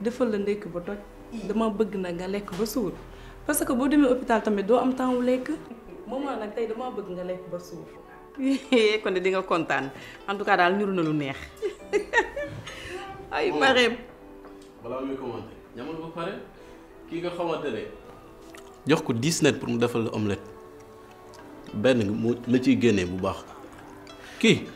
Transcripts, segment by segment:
defal la ndekki ba toj dama bëgg na nga lekk ba suur parce que boo demee hôpital tamit doo am temps wu lekk maman nag tey dama bëgg nga lekk ba suur kon kontaan en tout cas daal ñuru na lu neex ay mareem balaa muy nga xamante ne jox ko dix pour mu defal la omelette benn mu la ciy génnee bu baax kii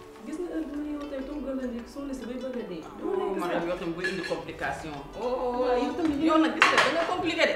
gis nga heure bi ma yow tey tënkuwul la nekk soxna si bay bëgg a dee. dama lay gis nga yow tamit bay indi complication. waaw yow tamit yow nag gis nga da nga compliqué de.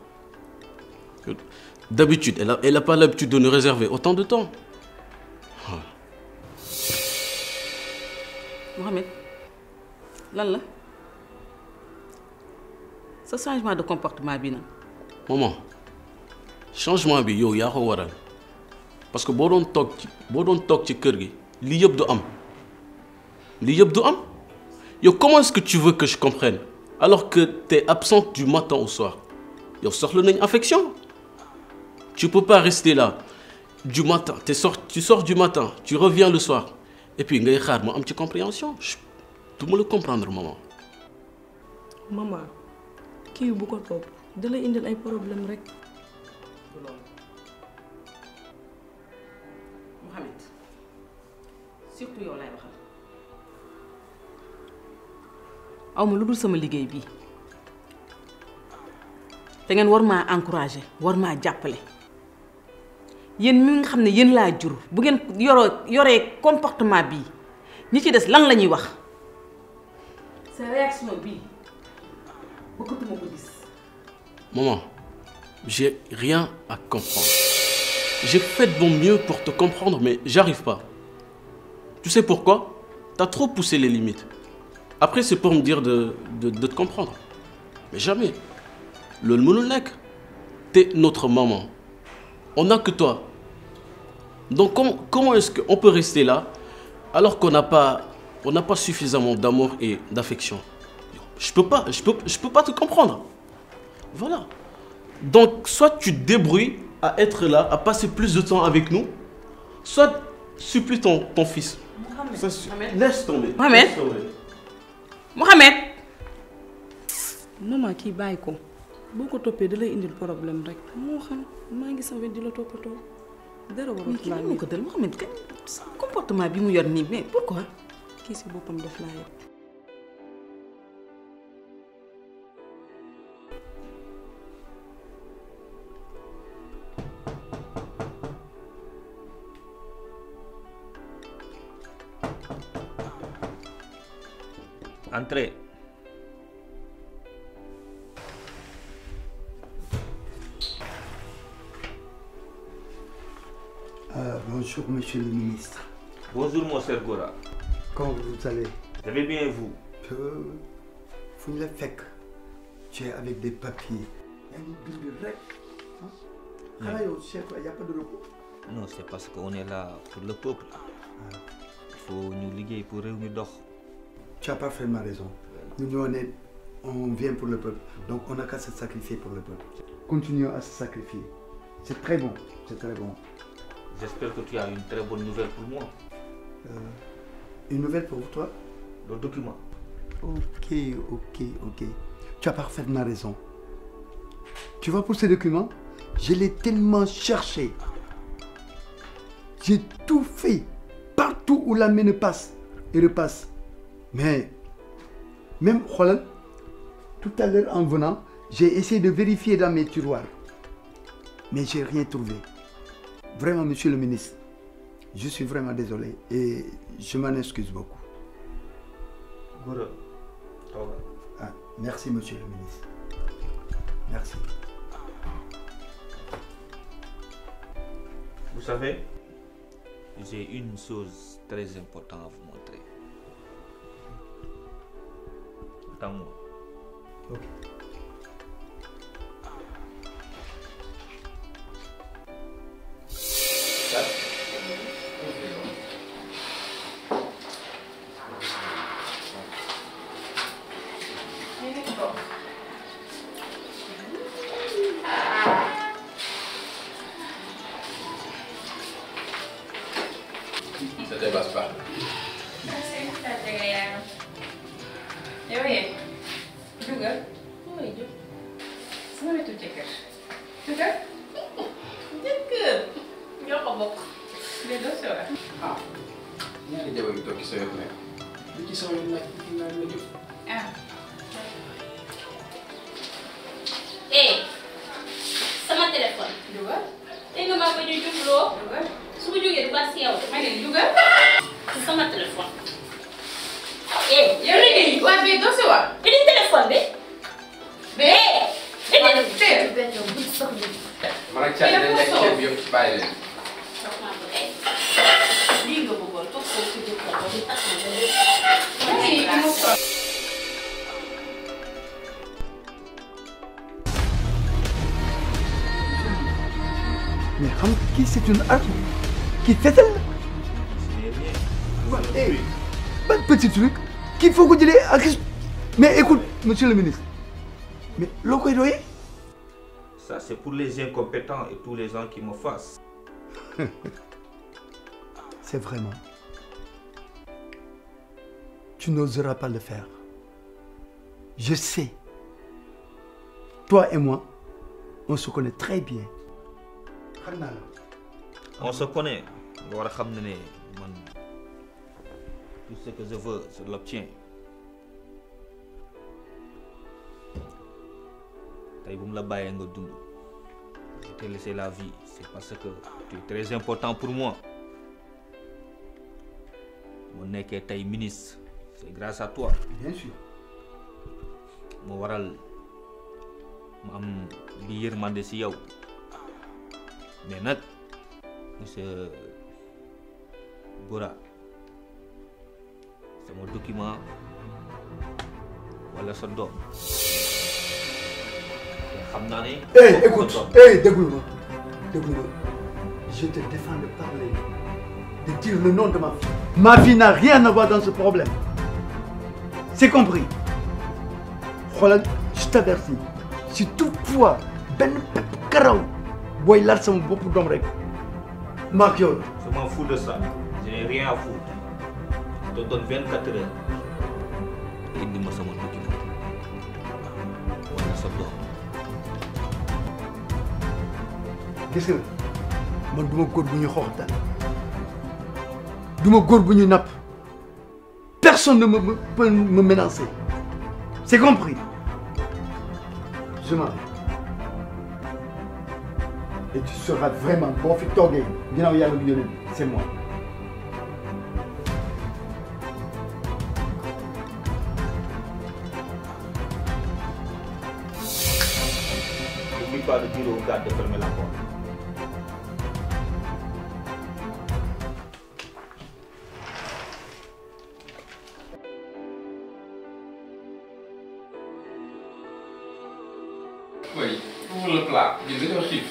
D'habitude, elle n'a pas l'habitude de nous réserver autant de temps. Mohamed, Lala, ce changement de comportement est maman changement bi yo, waral parce que si tu toog dans la maison.. ci un peu de du am am comment est-ce que tu veux que je comprenne alors que tu es absente du matin au soir Tu soxla nañ affection. Tu ne peux pas rester là. Du matin, es sort, tu sors du matin, tu reviens le soir. Et puis, ngay y mo une petite compréhension. tout le le comprendre maman. Maman, kii bu ko topp Il y indil ay problème rek. Mohamed, surtout yow laay waxal. aw ma lu dul sama liggéey bii. te ngeen war maa encourager war maa il mi nga xam ne la jur bu ngeen yoro yoré comportement bi. ñi ci des lan lañuy wax sa réaction bii bëggatuma ko gis maman j'ai rien à comprendre j'ai fait de mon mieux pour te comprendre mais j'arrive pas tu sais pourquoi Tu as trop poussé les limites après c'est pour me dire de de te comprendre mais jamais Le es t'es notre maman on n'a que toi. Donc comment, est-ce qu'on peut rester là alors qu'on n'a pas, on pas suffisamment d'amour et d'affection Je peux pas, je peux, peux pas te comprendre. Voilà. Donc soit tu te débrouilles à être là, à passer plus de temps avec nous, soit supplie ton, fils. laisse tomber. Mohamed. Laisse qui boo ko toppee da indil problème rek moo xam maa ngi sama di la toppatoo dara moo ko dal Mohamed comportement bi mu yor nii mais pourquoi kii si boppam daf laa yëpp Bonjour, monsieur le ministre. Bonjour, mon Gora. Comment vous allez Vous bien, vous. Vous me faites. Tu es avec des papiers. Hein? Il n'y a pas de repos. Non, c'est parce qu'on est là pour le peuple. Ah. Il faut nous liguer pour réunir d'or. Tu as pas fait ma raison. Nous, on, on vient pour le peuple. Donc, on n'a qu'à se sacrifier pour le peuple. Continuons à se sacrifier. C'est très bon. C'est très bon. J'espère que tu as une très bonne nouvelle pour moi. Euh, une nouvelle pour toi Le document. Ok, ok, ok. Tu as parfaitement raison. Tu vois, pour ces documents? je l'ai tellement cherché. J'ai tout fait. Partout où la main ne passe et repasse. Mais, même, tout à l'heure en venant, j'ai essayé de vérifier dans mes tiroirs. Mais j'ai rien trouvé. Vraiment, monsieur le ministre, je suis vraiment désolé et je m'en excuse beaucoup. Ah, merci, monsieur le ministre. Merci. Vous savez, j'ai une chose très importante à vous montrer. attends moi. Ok. Se te vas pa. Aspettate che è... Evo je. Druga. No idu. Samo mi tu tjekaš. Druga. Tjekar. Jako bok. Gdje do se ove? A. Ja li devojku to kisovodne? Kisovodne, kisovodne. A. tey eh, sama téléphone. dugal tey eh, nga maa ko ñu jubloo. dugal su ma jógee du baax si yow. ma ne dugal. sama téléphone. eh yow léegi waa bii doo si wax. indi téléphone bi. bee. indi téléphone bi. man ak Thiam dañ nekk ceeb yëpp ci bàyyi leen. lii nga bëggoon toog ko ci jëkkër ba Qui c'est une arme qui fait elle eh petit truc qu'il faut ko à mais écoute monsieur le ministre mais le ça c'est pour les incompétents et tous les gens qui me c'est vraiment tu n'oseras pas le faire je sais toi et moi on se connaît très bien on se connaît war tout ce que je veux je l'obtiens Si la tu nga je t'ai laissé la vie c'est parce que tu es très important pour moi Mon nekkee est ministre c'est grâce à toi bien sûr Je waral mu am mais nag monsieur C'est mon document Voilà, son doom eh écoute eh, eh déglu ma je te défends de parler de dire le nom de ma fille. ma fille n'a rien à voir dans ce problème c'est compris voilà je t'avertis si toutefois Ben pepp karaw. Je lal sama bop dom rek mak je m'en fous de ça je n'ai rien à foutre je te donne 24 heures indi je sama tukki ko wala sa do gis nga man duma gor bu ñu xox dal duma gor bu ñu nap personne ne peut me menacer c'est compris je m'en vais et tu seras vraiment boo fi toogee y a le yónnee c'est moi. N'oublie pas de dire au garde de fermer la porte. Oui, pour le plat, il est chiffre.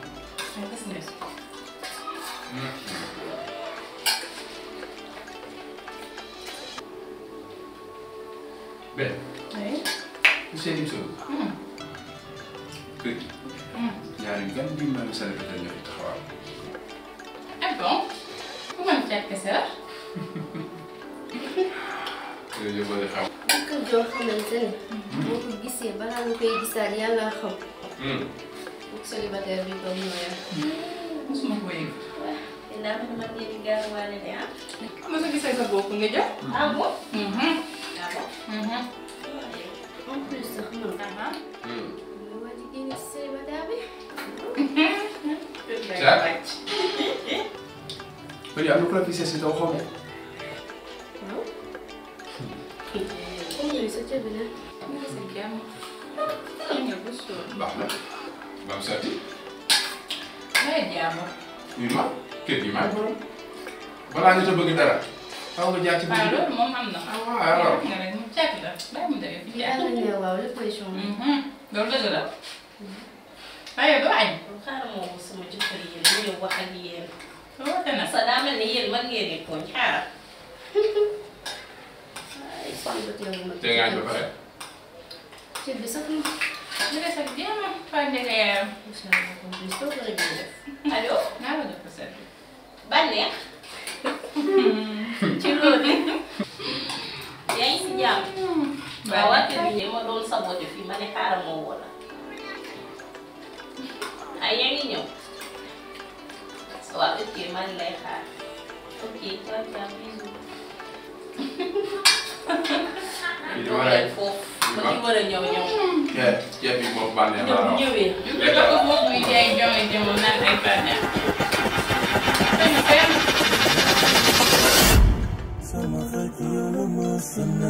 biir maam Sénégal ñoo fi taxawal. ah bon ku mën fekk sa. yooyu yëpp a xam. kër joo xamante ne. boo ko gisee balaa nga koy gisaat yàlla xam. pour célibataire bi comme ñoo yor. mosuma ko yëg. waaw te daanaka man ngeen di gaaruwaale de ah. ma sa gisee sa bopp nga jox. ah bon. ah bon. en plus sax man. Mm. Ja? Wil je ook nog lepiej zitten do ochomy? No. Umiem za ciebie, nie? aywa doo añ xaaral ma woo sama jëkkër yéen mu ñëw wax ak yéen woote na sa daa mel ni yéen man ngeen di tooñ xaaral ay fan ba teewu ma tey ngaañ ba pare ceeb bi sax na dina sax jéem a fànde nga yaram incha allah kon bis soo ko rëggee def allo naa la def ko set bànneex ci loolu yaa ngi si jàmm waaw wàcce bi ma doon saboté fii ma ne xaaral ma woo la Hmm. Ya, ya, yang ninyo. ñëw waaw ok maa ngi lay xaar ok ciao ay sama